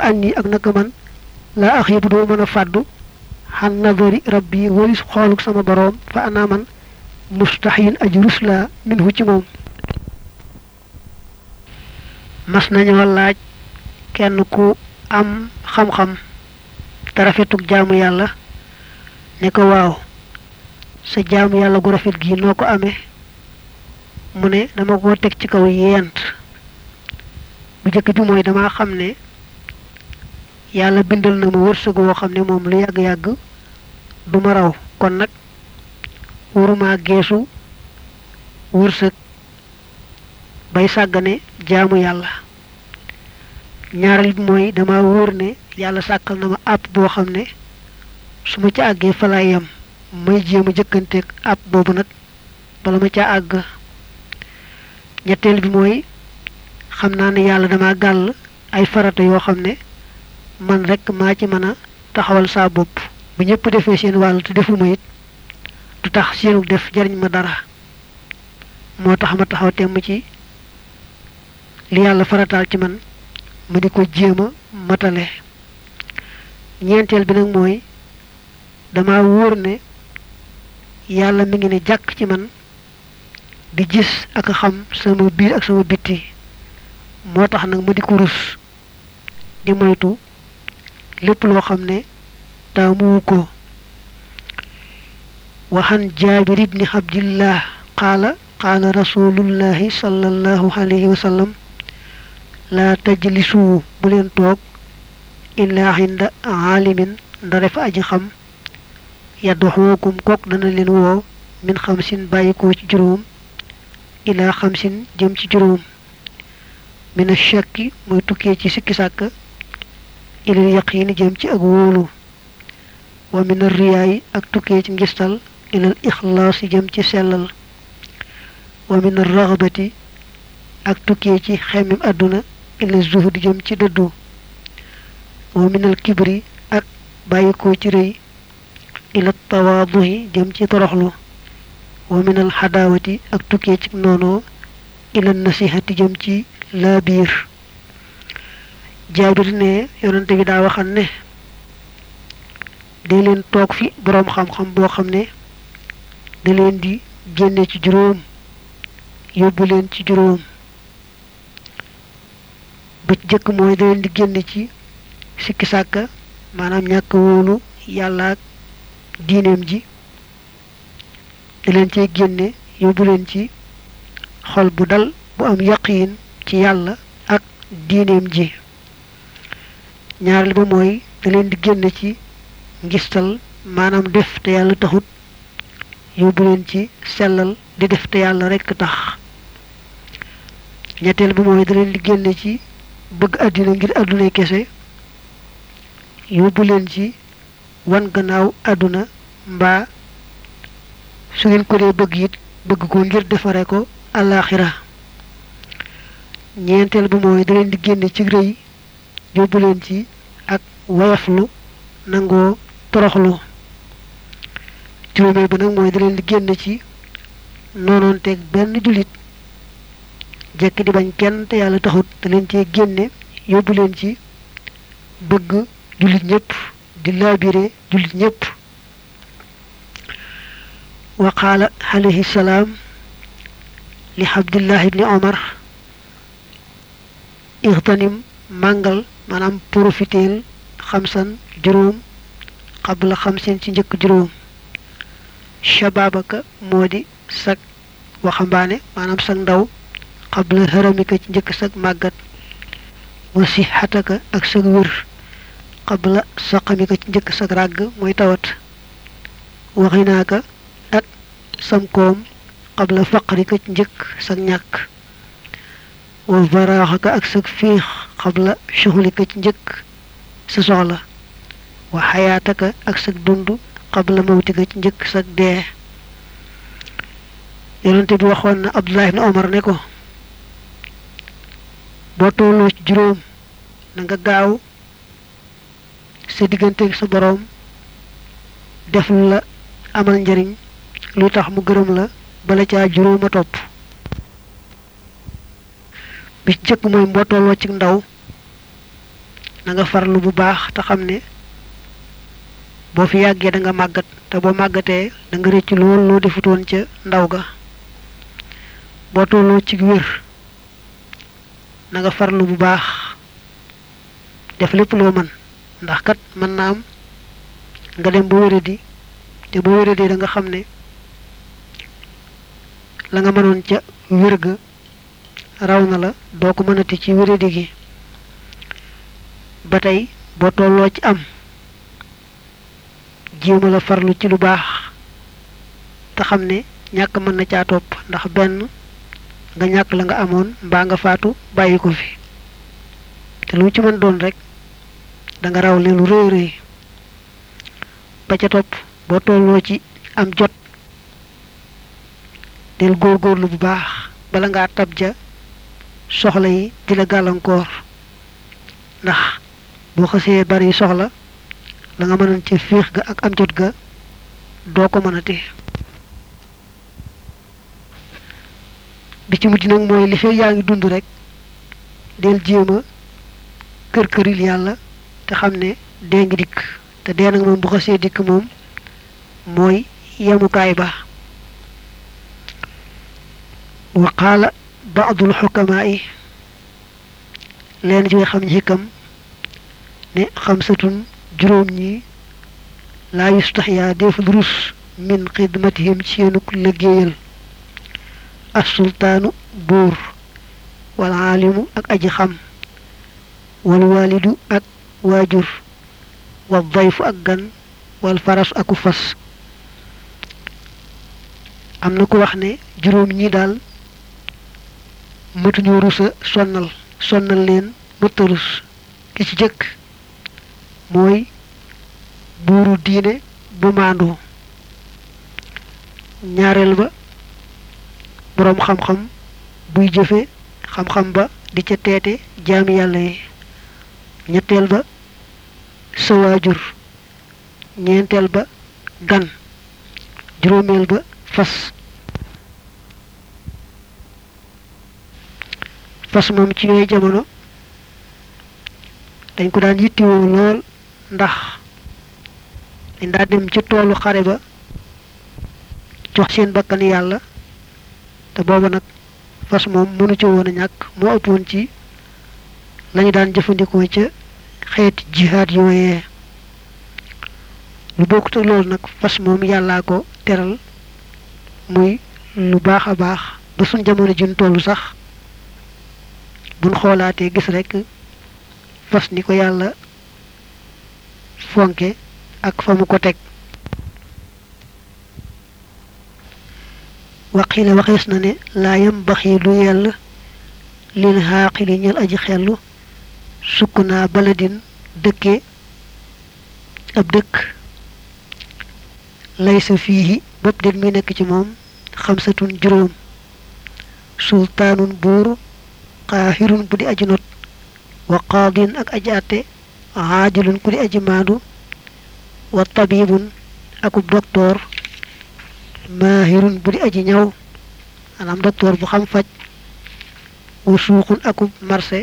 wa anni ak naka man laa axiibu doo mën a fàddu xan nadari rabbi walis xooluk sama boroom fa ana man mustaxyin aji rusla minhu ci moom mas nañoo laaj kenn ku am xam-xam te rafetug jaamu yàlla ne ko waaw sa jaamu yàlla gu rafet gii noo ko amee mu ne dama ko teg ci kaw yent bu jëkk bi mooy dama xam ne yàlla bindal na ma wërsëg woo xam ne moom lu yàgg-yàgg du ma raw kon nag waruma geesu wërsëg bay sàggane jaamu yàlla ñaareel bi mooy dama wóor ne yàlla sàkkal na ma àpp boo xam ne su ma ca àggee falaa yam may jéem a jëkkanteeg àpp boobu nag bala ma ca àgg ñetteel bi mooy xam naa ne yàlla dama gàll ay farata yoo xam ne man rekk maa ci mën a taxawal saa bopp bu ñëpp defee seen wàll te defuma it du tax seenu def jariñ ma dara moo tax ma taxaw temm ci li yàlla farataal ci man ma di ko jéema a matale ñeenteel bi nag mooy dama wóor ne yàlla mi ngi ne jàkk ci man di gis ak a xam sama biir ak sama bitti moo tax nag ma di ko rus di moytu lépp loo xam ne taamu ko waxan jaabir ibni abdillah qaala qaala rasulullahi sallallahu alayhi wa sallam laa tajlisu bu leen toog illaa inda aalimin ndare fa aji xam yadduxuukum kook dana leen woo min xamsin bàyyikoo ci juróom ilaa xamsin jëm ci juróom mina shakki muy tukkee ci sikki sàkk ilal yaqiini jëm ci ak wóolu wa min arriyaayi ak tukkee ci ngistal ilal ixlaasi jëm ci sellal wa min arraxbati ak tukkee ci xemmim àdduna ilal zuhdi jëm ci dëddu wa min kibri ak bàyyikoo ci rëy ilal tawaaduhi jëm ci toroxlu wa min xadaawati ak tukkee ci noonoo ilal nasihati jëm ci laabiir jaabir ne yonante bi daa waxan ne day leen toog fi boroom xam-xam boo xam ne da leen di génne ci juróom yóbbu leen ci juróom ba jëkk mooy da leen di génne ci sikki sàkka maanaam ñàkk wóolu yàlla ak diineem ji da leen cee génne yóbbu leen ci xol bu dal bu am yaqiin ci yàlla ak diineem ji ñaareel ba mooy da leen di génne ci ngistal maanaam def te yàlla taxut yóbbu leen ci sellal di def te yàlla rekk tax ñetteel ba mooy da leen di génn ci bëgg àddina ngir àddunay kese yóbbu leen ci wan gannaaw àdduna mbaa su ngeen ko dee bëgg it bëgg ko ngir defare ko àllaaxira ñeenteel ba mooy da leen di génn ci rëy yóbbu leen ci ak woyaflu nangoo toroxlu juróomeel ba nag mooy da leen génn ci noonoonteeg benn jullit jekk di bañ kenn te yàlla taxut da leen cee génne yóbbu leen ci bëgg jullit ñëpp di laabire jullit ñëpp wa qaala alayhi omar ixtanim màngal maanaam profiteel xamsan juróom xabla xamsin ci njëkk juróom shababaka moo di sag waxambaane maanaam sag ndaw xabla haramika ci njëkk sag màggat wa sixataka ak sag wér xabla saqamika ci njëkk sag ràgg mooy tawat ka ak sam koom xabla faqrika ci njëkk sag ñàkk wa baraaxaka ak sag fiix xabla suxlika ci njëkk sa soxla wa xayaataka ak sag dund xab xabla mawtika ci njëkk sag dee yonente bi waxoon na Abdullah ibn Omar ne ko boo tolloo ci juróom na nga gaaw sa digganteeg sa boroom def la amal njariñ lu tax mu gërëm la bala caa juróoma topp bi ci jëkk mooy boo tolloo ndaw na nga farlu bu baax te xam ne boo fi yàggee danga màggat te boo màggatee da nga rëcc lool loo defutoon ca ndaw ga boo tolloo ci wér na nga farlu bu baax def lépp loo mën ndax kat mën naa am nga dem ba wéradi te ba wéradi da nga xam ne la nga mënoon ca wér ga raw na la doo ko mënati ci wéradi gi ba tey boo tolloo ci am jéema la farlu ci lu baax te xam ne ñàkk mën na caa ndax benn nga ñàkk la nga amoon mbaa nga faatu bàyyi fi te lu ci mën doon rek da raw leen lu ba ca boo tolloo ci am jot del góorlu bu baax bala ngaa tab ja soxla yi di gàllankoor ndax boo xasee bari soxla la nga mënoon ca féex ga ak am jot ga doo ko mënatee bi ci mujj nag mooy li fee yaa ngi dund rek del jéem a kër këril yàlla te xam ne dee ngi dikk te dee nag moom bu xasee dikk moom mooy yemukaay ba wa baadul xukamaa yi leen ci xam xikam ne xamsatun juróom ñi laa yustaxyaa deful rus min xidmatihim ci yeenuk liggéeyal assultaanu buur wal aalimu ak aji wal waalidu ak waajur wal dayfu ak gan wal faras aku fas am na ku wax ne juróom ñi daal matuñoo rusa sonnal sonnal leen mëttalus ki ci jëkk mooy buuru diine bu maandu ñaareel ba boroom xam-xam buy jëfe xam-xam ba di ca teete jaami yàlla yi ñetteel ba sa waajur ñeenteel ba gan juróomeel ba fas fas moom ci yooyu jamono dañ ko daan yittewoo lool ndax dañ daa dem ci toolu xare ba jox seen bakkan yàlla te booba nag fas moom mënu ci woon a ñàkk moo ëppoon ci lañu daan jëfandikoo ca xeeti jihaad yooyee lu bokkut ak loolu nag fas moom yàllaa ko teral muy lu baax a baax ba suñ jamono jun tollu sax buñ xoolaatee gis rekk fas ni ko yàlla fonke ak fa ko teg waqiila waxees na ne laa yam baxi du yell lin xaaqili aji xel sukk naa baladin dëkke ab dëkk lay sa fiihi bopp den mi nekk ci moom xamsatun juróom sultaanun buur qaahirun ku di aji not wa qaadin ak di aji maandu wa tabibun akub docteur maahirun bu di aji ñaw maanaam docteur bu xam faj wa suuqun akub marché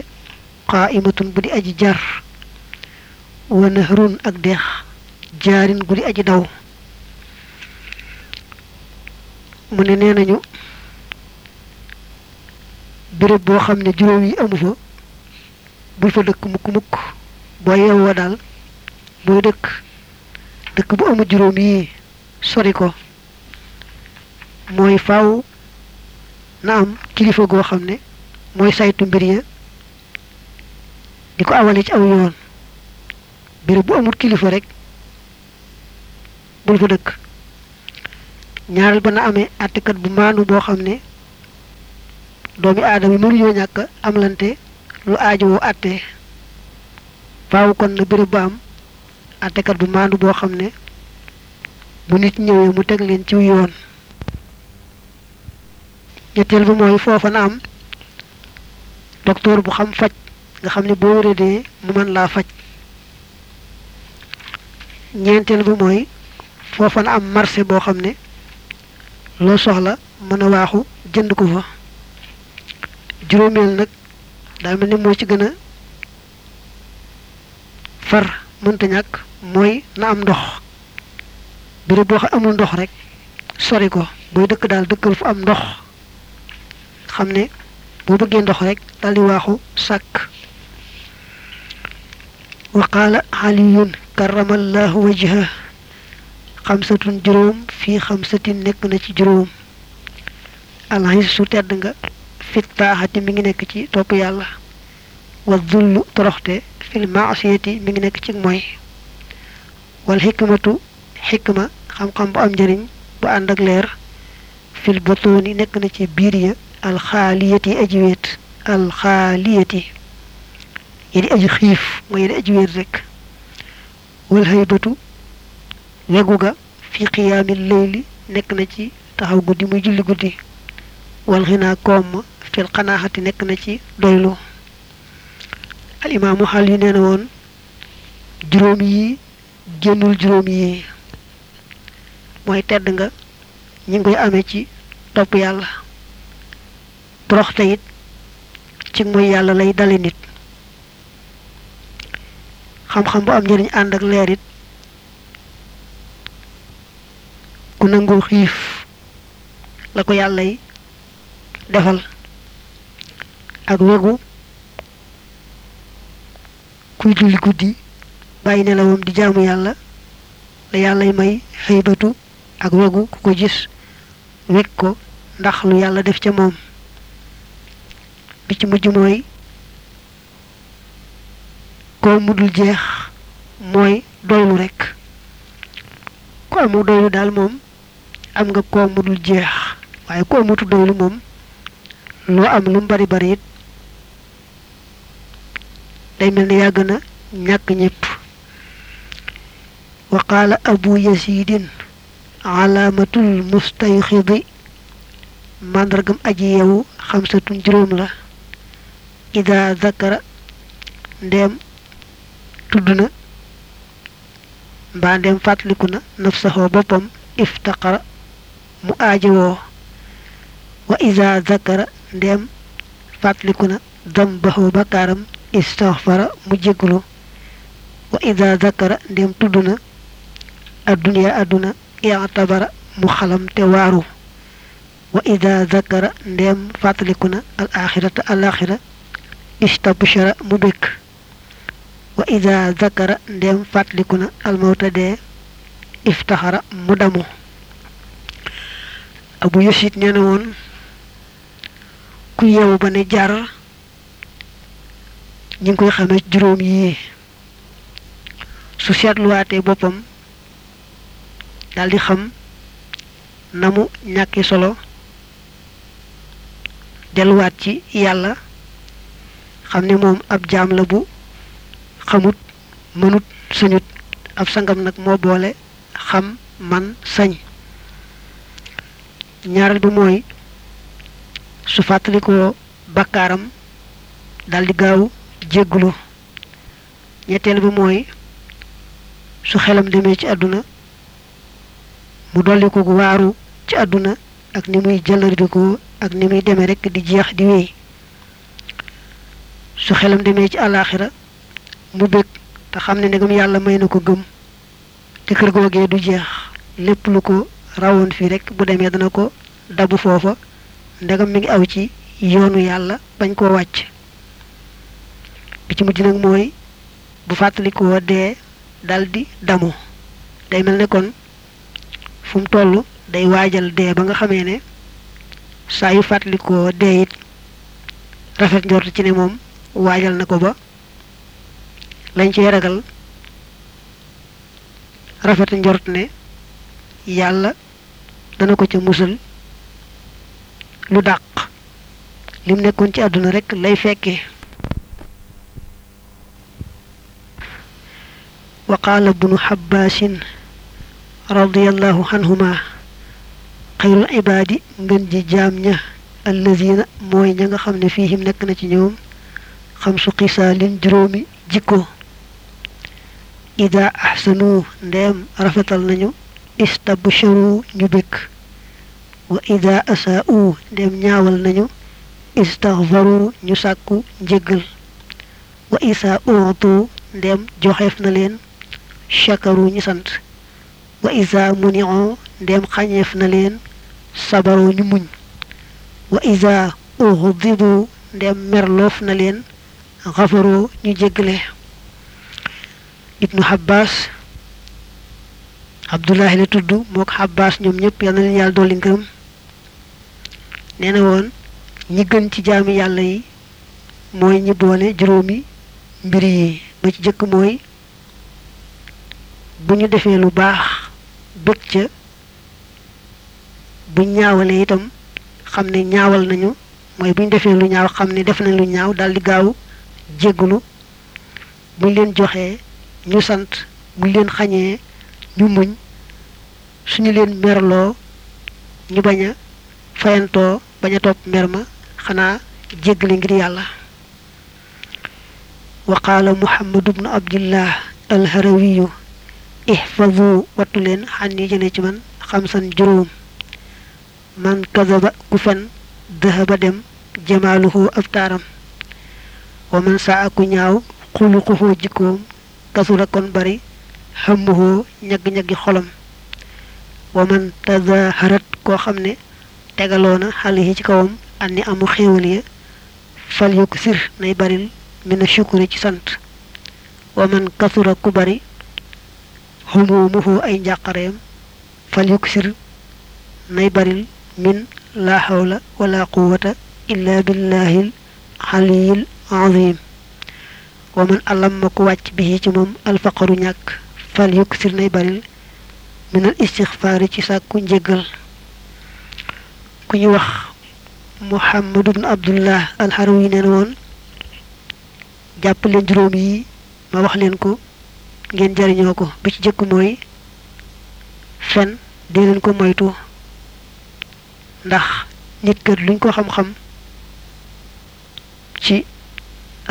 qaaimatun bu di aji jar wa nahrun ak deex jaarin gu di aji daw mu ne nee nañu béréb boo xam ne juróom yi amu fa bul fa dëkk mukk mukk boo yeewoo daal booy dëkk dëkk bu amu juróom yi sori ko mooy faw na am kilifa goo xam ne mooy saytu mbir ya di ko awale ci aw yoon béréb bu amul kilifa rek bul fa dëkk ñaareel ba na amee àttekat bu maanu boo xam ne doomi aadama yi mënuñoo ñàkk amlante lu aajowoo àtte faaw kon na béréb ba am àttekat bu maandu boo xam ne bu nit ñëwee mu teg leen ci yoon ñetteel bi mooy foofa na am docteur bu xam faj nga xam ne boo wéradee mu mën laa faj ñeenteel bi mooy foofa na am marché boo xam ne loo soxla mën a waaxu jënd ko fa juróomeel nag daa mel ni moo ci gën a far mënta ñàkk mooy na am ndox béréb boo xam amul ndox rek sori ko booy dëkk daal dëkkal fu am ndox xam ne boo bëggee ndox rek daal di waaxu sàkk wa qaala aliyun karamallahu wajha xamsatun juróom fii xamsatin nekk na ci juróom alxis su tedd nga fit taaxati mi ngi nekk ci topp yàlla wa zullu toroxte fil maasiyati mi ngi nekk ci mooy wal xikmatu xikma xam-xam bu am njëriñ bu ànd ak leer fil botooni nekk na ci biir ya alxaaliyati aji wéet alxaaliyati yi aji xiif mooy yi di rek wal haybatu wegu ga fi qiyaamil leyli nekk na ci taxaw guddi muy julli guddi wal xinaa koom xanaaxati nekk na ci doylu al imaamu xaal yu nee na woon juróom yi génnul juróom yi mooy tedd nga ñi ngi koy ci topp yàlla toroxte it ci mooy yàlla lay dale nit xam-xam bu am njëriñ ànd ak leer it ku nangoo xiif la ko yàlla yi defal ak wegu kuy julli guddi bàyyi moom di jaamu yàlla la yàllay may xëybatu ak wegu ku ko gis weg ko ndax lu yàlla def ca moom bi ci mujj mooy koo mudul jeex mooy doylu rekk ku amul doylu daal moom am nga koo mudul jeex waaye ku amutu doylu moom loo am lu mu bari bari it day mel ne yaa gën ñàkk ñëpp wa qaala abu yasidin alaamatul mustayxidi màndargam aji yewu xamsatun juróom la ida zakara ndeem tudd na mbaa ndeem fàttaliku na nafsaxoo boppam iftaqara mu aajowoo wa ida zakara ndeem fàttaliku na dambaxoo bakkaaram istaghfara mu jéggulu wa ida zakara ndem tudd na adduniya adduna i'tabara mu xalam waaru wa ida zakara ndem fàttaliku na al axirata al axira istabshara mu békk wa ida zakara ndem fàttaliku na al mawta dee mu damu abu yosit nee woon ku yeewu ba ne jaar ñu ngi koy xamee juróom yi su seetluwaatee boppam daldi xam namu mu ñàkki solo delluwaat ci yàlla xam ni moom ab jaam la bu xamut mënut sañut ab sangam nag moo boole xam man sañ ñaareel bi mooy su fàttaliku bakkaaram daldi di gaaw jégglu ñetteel bi mooy su xelam demee ci àdduna mu dolli ko waaru ci àdduna ak ni muy jëlarbikoo ak ni muy demee rekk di jeex di wéy su xelam demee ci àllaaxira mu bég te xam ne ndegam yàlla may na ko gëm te kër googee du jeex lépp lu ko rawoon fii rek bu demee dana ko dabu foofa ndegam mi ngi aw ci yoonu yàlla bañ koo wàcc ci mujj nag mooy bu fàttalikoo dee daldi di damu day mel nekkoon kon fu toll day waajal dee ba nga xamee ne saa yu fàttalikoo dee it rafet njort ci ne moom waajal na ko ba lañ ciy ragal rafet njort ne yàlla dana ko ca musal lu dàq lim nekkoon ci àdduna rekk lay fekke وقال ابن حباس رضي الله عنهما خير العباد من جي جامنة الذين موي نيغا خامني فيهم نك نا سي نيوم خمس قسال جرومي جيكو ida ahsanu ndeem rafetal nañu istabsharu ndeem ñaawal nañu istaghfaru ñu sàkku njéggal wa isa uutu ndeem joxeef na leen chakaru ñu sant wa isa munion ndem xàññeef na leen sabaru ñu muñ wa isa uxdibu ndem merloof na leen xafaroo ñu jéggale ibnu xabbaas abdullahi la tudd mook xabbaas ñoom ñëpp yal na leen yàlla dolli ngërëm nee woon ñi gën ci jaami yàlla yi mooy ñi boole juróomi mbir yi ba ci jëkk mooy bu ñu defee lu baax bëgg ca bu ñaawale itam xam ne ñaawal nañu mooy bu ñu defee lu ñaaw xam ne def nañ lu ñaaw daal di gaaw jéggulu buñ leen joxee ñu sant buñ leen xañee ñu muñ suñu leen merloo ñu bañ a fayantoo bañ a topp mer ma xanaa jéggale ngir yàlla wa qaala muhammadu bnu alharawiyu ihfazu wattu leen xan yi jëne ci man xamsan juróom man kadaba ku fen dëhëba dem jamaaluhu ab taaram wa man saa aku ñaaw xuluquhu jikkoom kasura kon bari xamuhu ñagg-ñaggi xolam wa man tazaharat koo xam ne tegaloo na xale yi ci kawam àndi amu xéewal ya fal yu sir nay baril mina shukuri ci sant wa man kasura ku bari xumuumuhu ay njàqareem fal yuksir nay baril min laa xawla wala quwata illa billaahil xaliyil azim wa man alamma ku wàcc bi ci moom alfaqaru ñàkk fal yuksir nay baril minal istixfaari ci sàkku njëggal ku ñu wax muhammadu bnu abdullah alxarawi neen woon jàpp leen juróom yi ma wax leen ko ngeen jariñoo ko bi ci jëkk mooy fen dee leen ko moytu ndax nit kër luñ ko xam-xam ci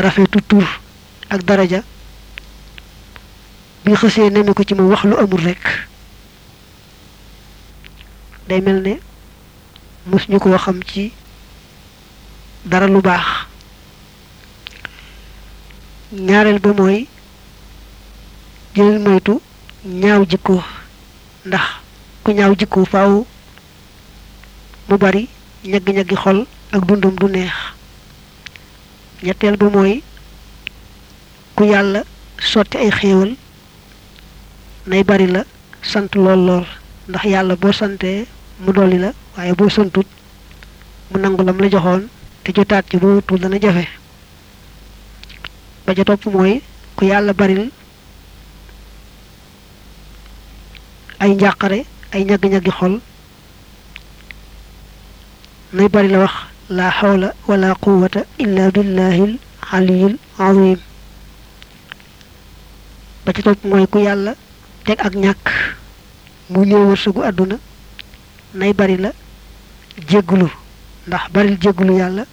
rafetu tur ak daraja bi xësee neme ko ci mu wax lu amul rekk day mel ne mësuñu koo xam ci dara lu baax ñaareel ba mooy di moytu ñaaw jikko ndax ku ñaaw jikko faw mu bari ñaggi-ñaggi xol ak dundum du neex ñetteel ba mooy ku yàlla sotti ay xéewal nay bari la sant lool lool ndax yàlla boo santee mu dolli la waaye boo santut mu nangu lam la joxoon te jotaat ci boo wutul dana jafe ba ja topp mooy ku yàlla baril ay njàqare ay ñagg-ñaggi xol nay bari la wax la xawla wala quwata illa billahil aliyil azim ba ci topp mooy ku yàlla teg ak ñàkk mu néew wërsëgu àdduna nay bari la jéggulu ndax baril jéggulu yàlla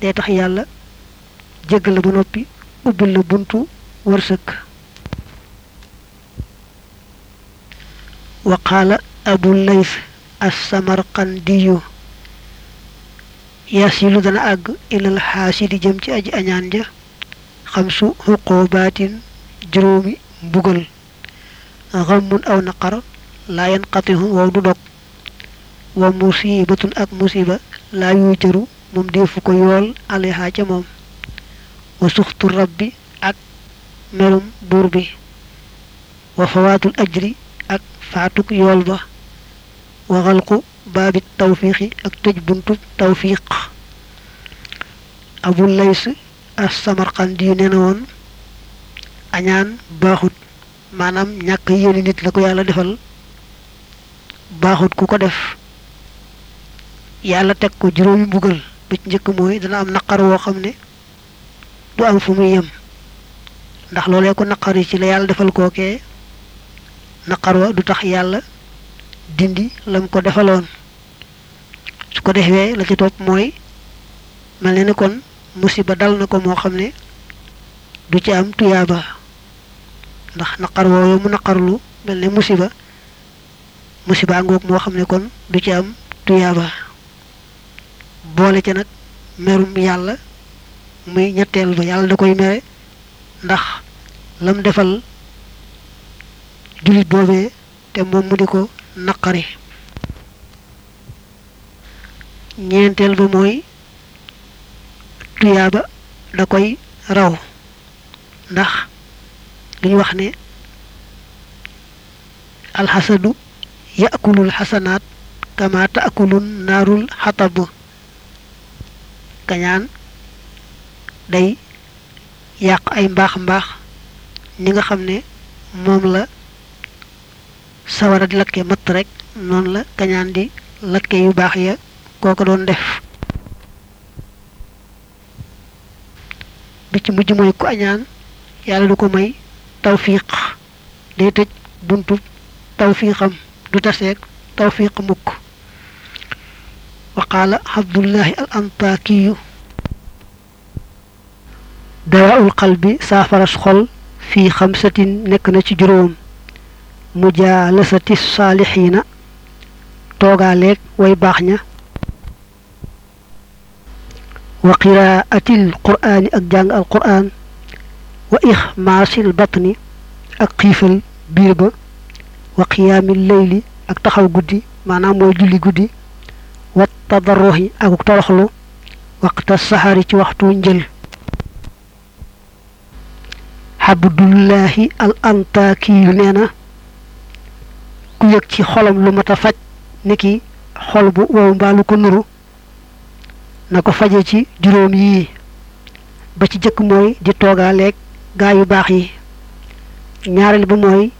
day tax yàlla jéggal la ba noppi ubbi la buntu wërsëg wa qaala abu layth as-samarqandiyu yasilu dana àgg ilal xaasidi jëm ci aji añaan ja xam su xuqubaatin juróomi mbugal xammun aw naqar laa yanqatihu wow du dog wa musibatun ak musiba laa yuy jëru moom deefu ko yool aleha ca moom wa suxtu rabbi ak melum buur bi wa fawaatul ajri ak faatuk yool ba waxal ku baabi tawfiixi ak tëj buntu tawfiiq abu lays as samarqandi yu nee na woon añaan baaxut maanaam ñàkk yéene nit la ko yàlla defal baaxut ku ko def yàlla teg ko juróomi mbugal bi ci njëkk mooy dana am naqar woo xam ne du am fu muy yem ndax loolee ko naqar yi ci la yàlla defal kookee naqar wa du tax yàlla dindi lam ko defaloon su ko defee la ci topp mooy mel ne ni kon musiba dal na ko moo xam ne du ci am tuyaaba ndax naqar woowu mu naqarlu mel ne musiba musiba ngoog moo xam ne kon du ci am tuyaaba boole ci nag merum yàlla muy ñetteel ba yàlla da koy mere ndax lam defal jullit boobee te moom mu di ko naqari ñeenteel ba mooy tuyaaba da koy raw ndax li wax ne alxasadu yaakulul xasanaat kama taakulun naarul xatab kañaan day yàq ay mbaax mbaax ni nga xam ne moom la sawara di lakke matt rek noonu la kañaan di lakke yu baax ya kooka doon def bi ci mujj mooy ku añaan yàlla du ko may tawfiq day tëj buntu tawfiqam du taseeg tawfiq mukk wa qaala abdullahi al antakiyu dawaul xol fii xamsatin nekk na ci juróom mujaalasati saalixiina toogaaleeg way baax ña wa qiraatil quraani ak jàng al quraan wa ixmaasil batni ak xiifal biir ba wa qiyaamil leyli ak taxaw guddi maanaam mooy julli guddi wa tadarruxi ak toroxlu waqta saxari ci waxtu njël xabdullahi al antakiyu ku yëg ci xolam lu mat a faj ni ki xol bu wow ko nuru na ko faje ci juróom yii ba ci jëkk mooy di toogaaleeg gaa yu baax yi ñaareel ba mooy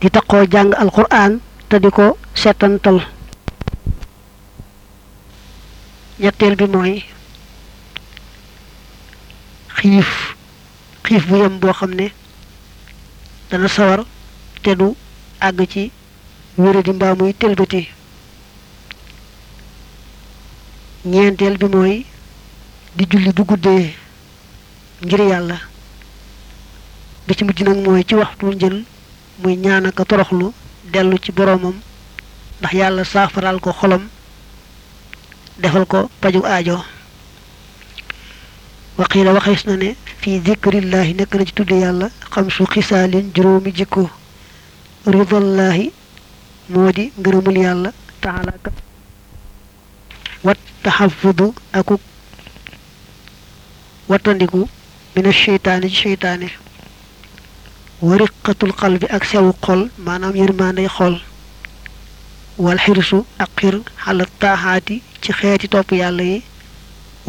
di taqoo jàng alquran te di ko seetantal ñetteel bi mooy xiif xiif bu yem boo xam ne dana sawar te du àgg ci wéra di mbaa muy tëlbati ñeenteel bi mooy di julli bu guddee ngir yàlla bi ci mujj nag mooy ci waxtu njël muy ñaan ak toroxlu dellu ci boroomam ndax yàlla saafaraal ko xolam defal ko paju aajo waqiila waxees na ne fii dikrillaahi nekk na ci tudd yàlla xam su xisaalin juróomi jikko ridallaahi moo di ngërëmul yàlla taxalaaka wat taxafudu akuk wattandiku mina seytaane ci seytaane wariqatul xal bi ak sewu xol maanaam yërmaanday xol wal xirsu ak xir xala taaxaati ci xeeti topp yàlla yi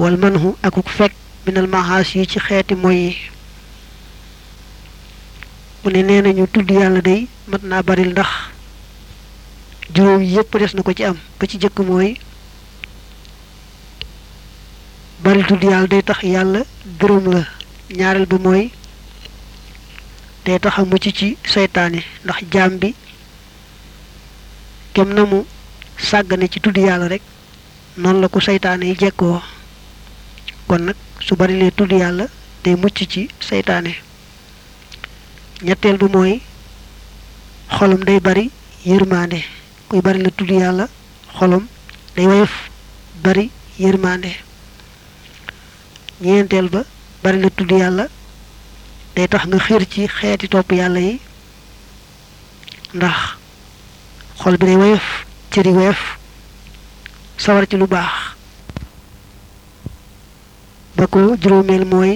wal manhu akuk fekk minal maxaas yi ci xeeti moy yi mu ne nee nañu tudd yàlla day mat naa baril ndax juróom yépp des na ko ci am ba ci jëkk mooy bari tudd yàlla day tax yàlla gërëm la ñaareel bi mooy day tax mucc ci seytaane ndax jaam bi kem na mu sàggane ci tudd yàlla rek noonu la ko seytaane yi jekkoo kon nag su bari lee tudd yàlla day mucc ci seytaane ñetteel bi mooy xolam day bari yërmaande kuy bari la tudd yàlla xolom day woyof bari yërmande ñeenteel ba bari la tudd yàlla day tax nga xiir ci xeeti topp yàlla yi ndax xol bi day woyof cëri woyof sawar ci lu baax ba ko juróomeel mooy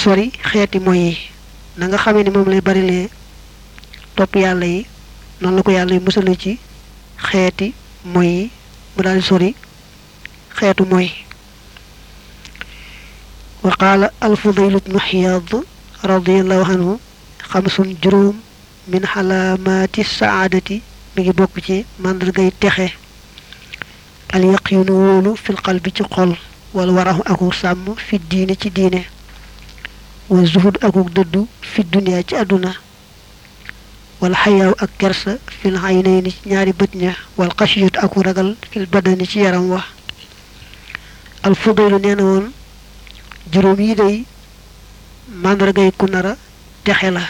sori xeeti moy yi na nga xamee ni moom lay barilee topp yàlla yi noonu la ko yàlla musale ci xeeti mooy yi mu daal sori xeetu mooy wa qaala alfudayl bnu xiyaad radiallahu anhu xamsun juróom min xalaamaati saadati mi ngi bokk ci màndargay texe al yaqinu wóolu fil qalbi ci xol wala waraxu akuk sàmm fi diine ci diine wa zuhud akuk dëddu fi duniyaa ci àdduna wal xayaaw ak kersa fil aynayni ci ñaari bët ña wal xasiyut aku ragal fil badani ci yaram wa al nee na woon juróom yi day màndargay ku nar a texe la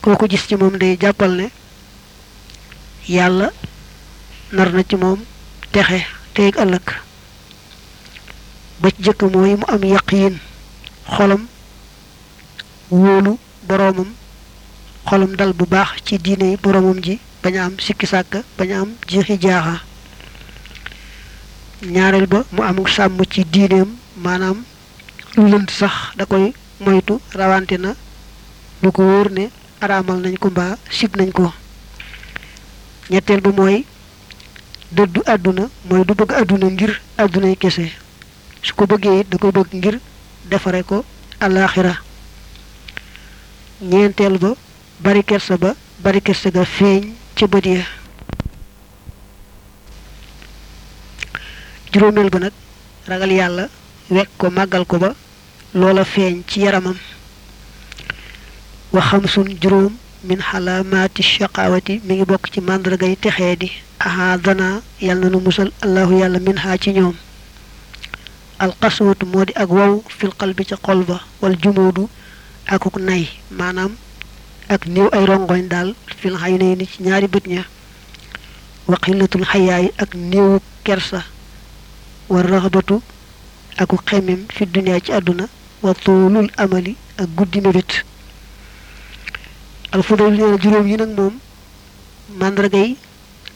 koo ko gis ci moom day jàppal ne yàlla nar na ci moom texe teeg ëllëg ba jëkk mooy mu am yaqiin xolam wóolu boroomam xolam dal bu baax ci diine boromam ji bañ a am sikki sàkk bañ am jeexi jaaxa ñaareel ba mu amul sàmm ci diineem maanaam lu lënt sax da moytu rawante na lu ko wóor ne araamal nañ ko mbaa sib nañ ko ñetteel bi mooy dëddu àdduna mooy du bëgg àdduna ngir àddunay kese su ko bëggee it da koy bëgg ngir defare ko alaaxira ñeenteel ba bari ba bari kersa ga feeñ ca bët ya juróomeel ba nag ragal yàlla wekk ko màggal ko ba loola feeñ ci yaramam wa xamsun juróom min xalaamaati shaqaawati mi ngi bokk ci màndargay texee di aha dana yàlla na nu musal allahu yàlla min ci ñoom alxaswatu moo di ak wow fil qalbi ca xol ba wal jumuudu akuk nay maanaam ak néew ay rongoñ daal fil xay na ni ci ñaari bët ña waxilatul xayaay ak néewu kersa war raxabatu aku xemem fi duniyaa ci àdduna wa tuulul amali ak guddi mébét alfudal nee na juróom yi nag moom màndargay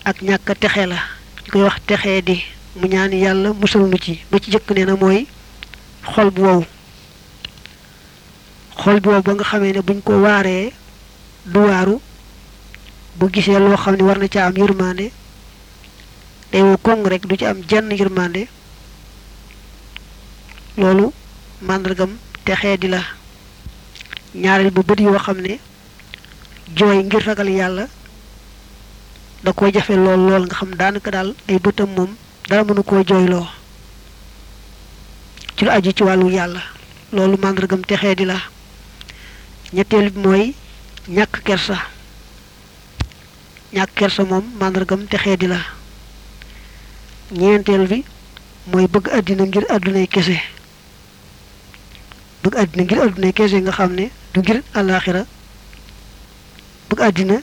ak ñàkk texe la ñu koy wax texe di mu ñaan yàlla musal nu ci ba ci jëkk nee na mooy xol bu wow xol bu wow ba nga xamee ne buñ ko waaree du waaru bu gisee loo xam ne war na ca am yërmande day woo koŋ rek du ci am jenn yërmande loolu màndargam texee di la ñaareel bu bët yoo xam ne jooy ngir ragal yàlla da ko jafe lool lool nga xam daanaka daal ay bëtam moom dara mënu koo jooyloo ci lu aju ci wàllu yàlla loolu màndargam texee di la ñetteel bi mooy ñàkk kersa ñàkk kersa moom màndargam texee di la ñeenteel bi mooy bëgg àddina ngir àddunay kese bëgg àddina ngir àddunay kese nga xam ne du ngir àllaaxira bëgg àddina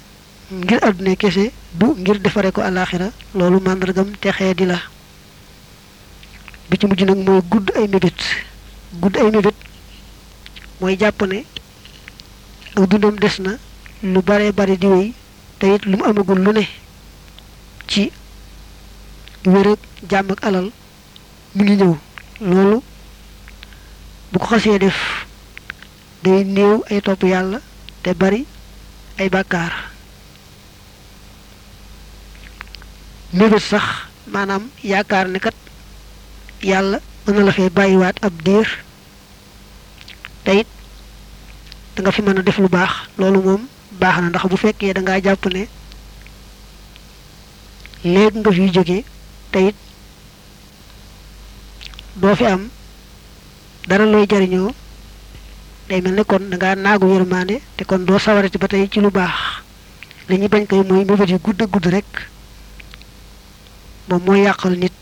ngir àddunay kese du ngir defaree ko àllaaxira loolu màndargam xee di la bi ci mujj nag mooy gudd ay mébét gudd ay mébét mooy jàpp ak dundam des na lu baree bari di wéy te it lu mu amagul lu ne ci wér ak jàmm ak alal mu ngi ñëw loolu bu ko xasee def day néew ay topp yàlla te bari ay bàkkaar mébét sax maanaam yaakaar ne yàlla mën na la fee bàyyiwaat ab diir te da fi mën a def lu baax loolu moom baax na ndax bu fekkee da ngaa jàpp ne léegi nga fiy jóge te it doo fi am dara looy jariñoo day mel ne kon da ngaa naagu yërmaande te kon doo sawarati ba tey ci lu baax li ñu bañ koy mooy mbébét yi gudd a gudd rek moom moo yàqal nit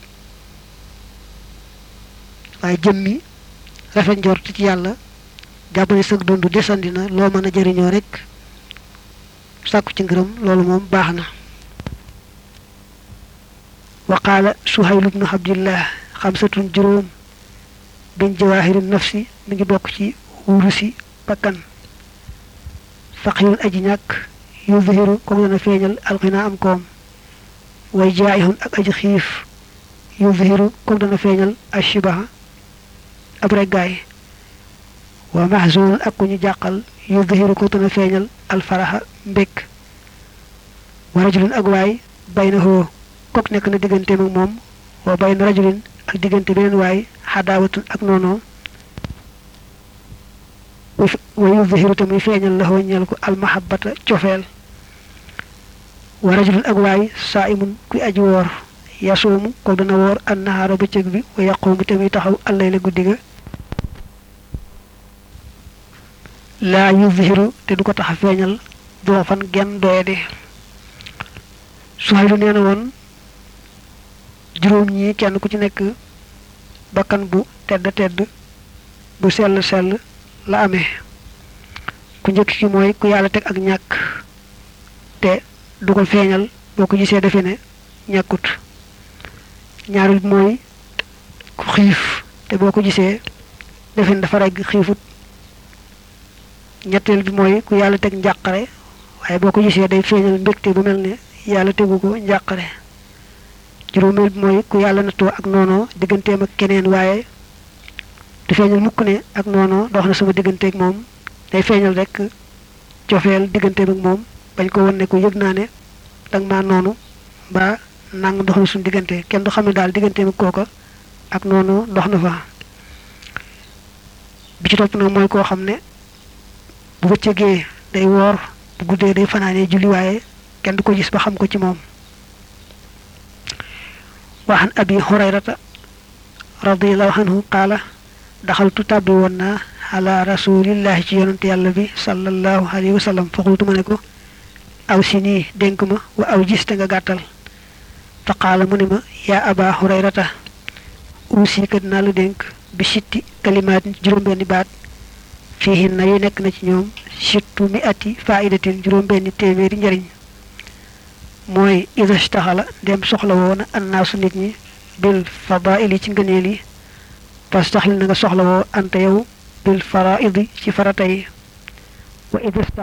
waaye jëmmi rafet njort ci yàlla jàpp ne sag dund desandi na loo mën a jëriñoo rek sàkku ci ngërëm loolu moom baax na wa qaala suhayl ibnu abdillah xamsatun juróom bin jawaahiri nafsi mi ngi bokk ci wurusi bakkan faqirun aji ñàkk yuzhiru kooku dana feeñal alxinaa am koom way jaayihun ak aji xiif yuzhiru kooku dana feeñal ashibaha ab reggaay wa mahzun ak ku ñu jàqal yudhiru ko dana feeñal alfaraxa mbékk wa rajulin ak waay baynahoo kok nekk na diggante moom wa bayna rajulin ak diggante beneen waay xadaawatun ak noonoo wa yudhiru tamuy feeñal la xoo ñeel ko almahabata cofeel wa rajulun ak waay saa'imun kuy aji woor yasoomu ko dana woor annahaara bëccëg bi wa yaquumu tamuy taxaw allayla guddi ga laa yuzhiru te du ko taxa a feeñal boo fan genn doyadi Suhaylu nee na woon juróom ñi kenn ku ci nekk bakkan bu tedd tedd bu sell sell la amee ku njëkk ki mooy ku yàlla teg ak ñàkk te du ko feeñal boo ko gisee defe ne ñàkkut ñaareel mooy ku xiif te boo ko gisee defe ne dafa regg xiifut ñetteel bi mooy ku yàlla teg njàqare waaye boo ko gisee day feeñal mbégte bu mel ne yàlla tegu ko njàqare juróomeel bi mooy ku yàlla nattoo ak noonoo digganteem ak keneen waaye du feeñal ne ak noonoo dox na sama digganteeg moom day feeñal rek cofeel digganteem ak moom bañ ko won ne ko yëg naa ne danga maa noonu mbaa nang dox na diggante kenn du xam ne daal digganteem ak kooka ak noonoo dox na fa bi koo xam ne bu bëccëgee day woor bu guddee day fanaanee julli waaye kenn du ko gis ba xam ko ci moom waxan abi hurayrata radiallahu anhu qaala daxaltu tàbbi woon naa ala rasulillahi ci yonante yàlla bi sallallahu alayhi wa sallam faxultu ma ne ko aw si nii dénk ma wa aw gis te nga gàttal fa qaala mu ne ma yaa aba hurayrata uusika dinaa la dénk bi sitti kalimaat juróom-benni baat fii na yu nekk na ci ñoom surtout mi ati juróom-benni téeméeri njëriñ mooy idastaxala dem soxla woon annaasu nit ñi bil fadaili ci ngëneel yi fastaxil na nga soxla woo anta yow bil ci farata yi wa idastaxala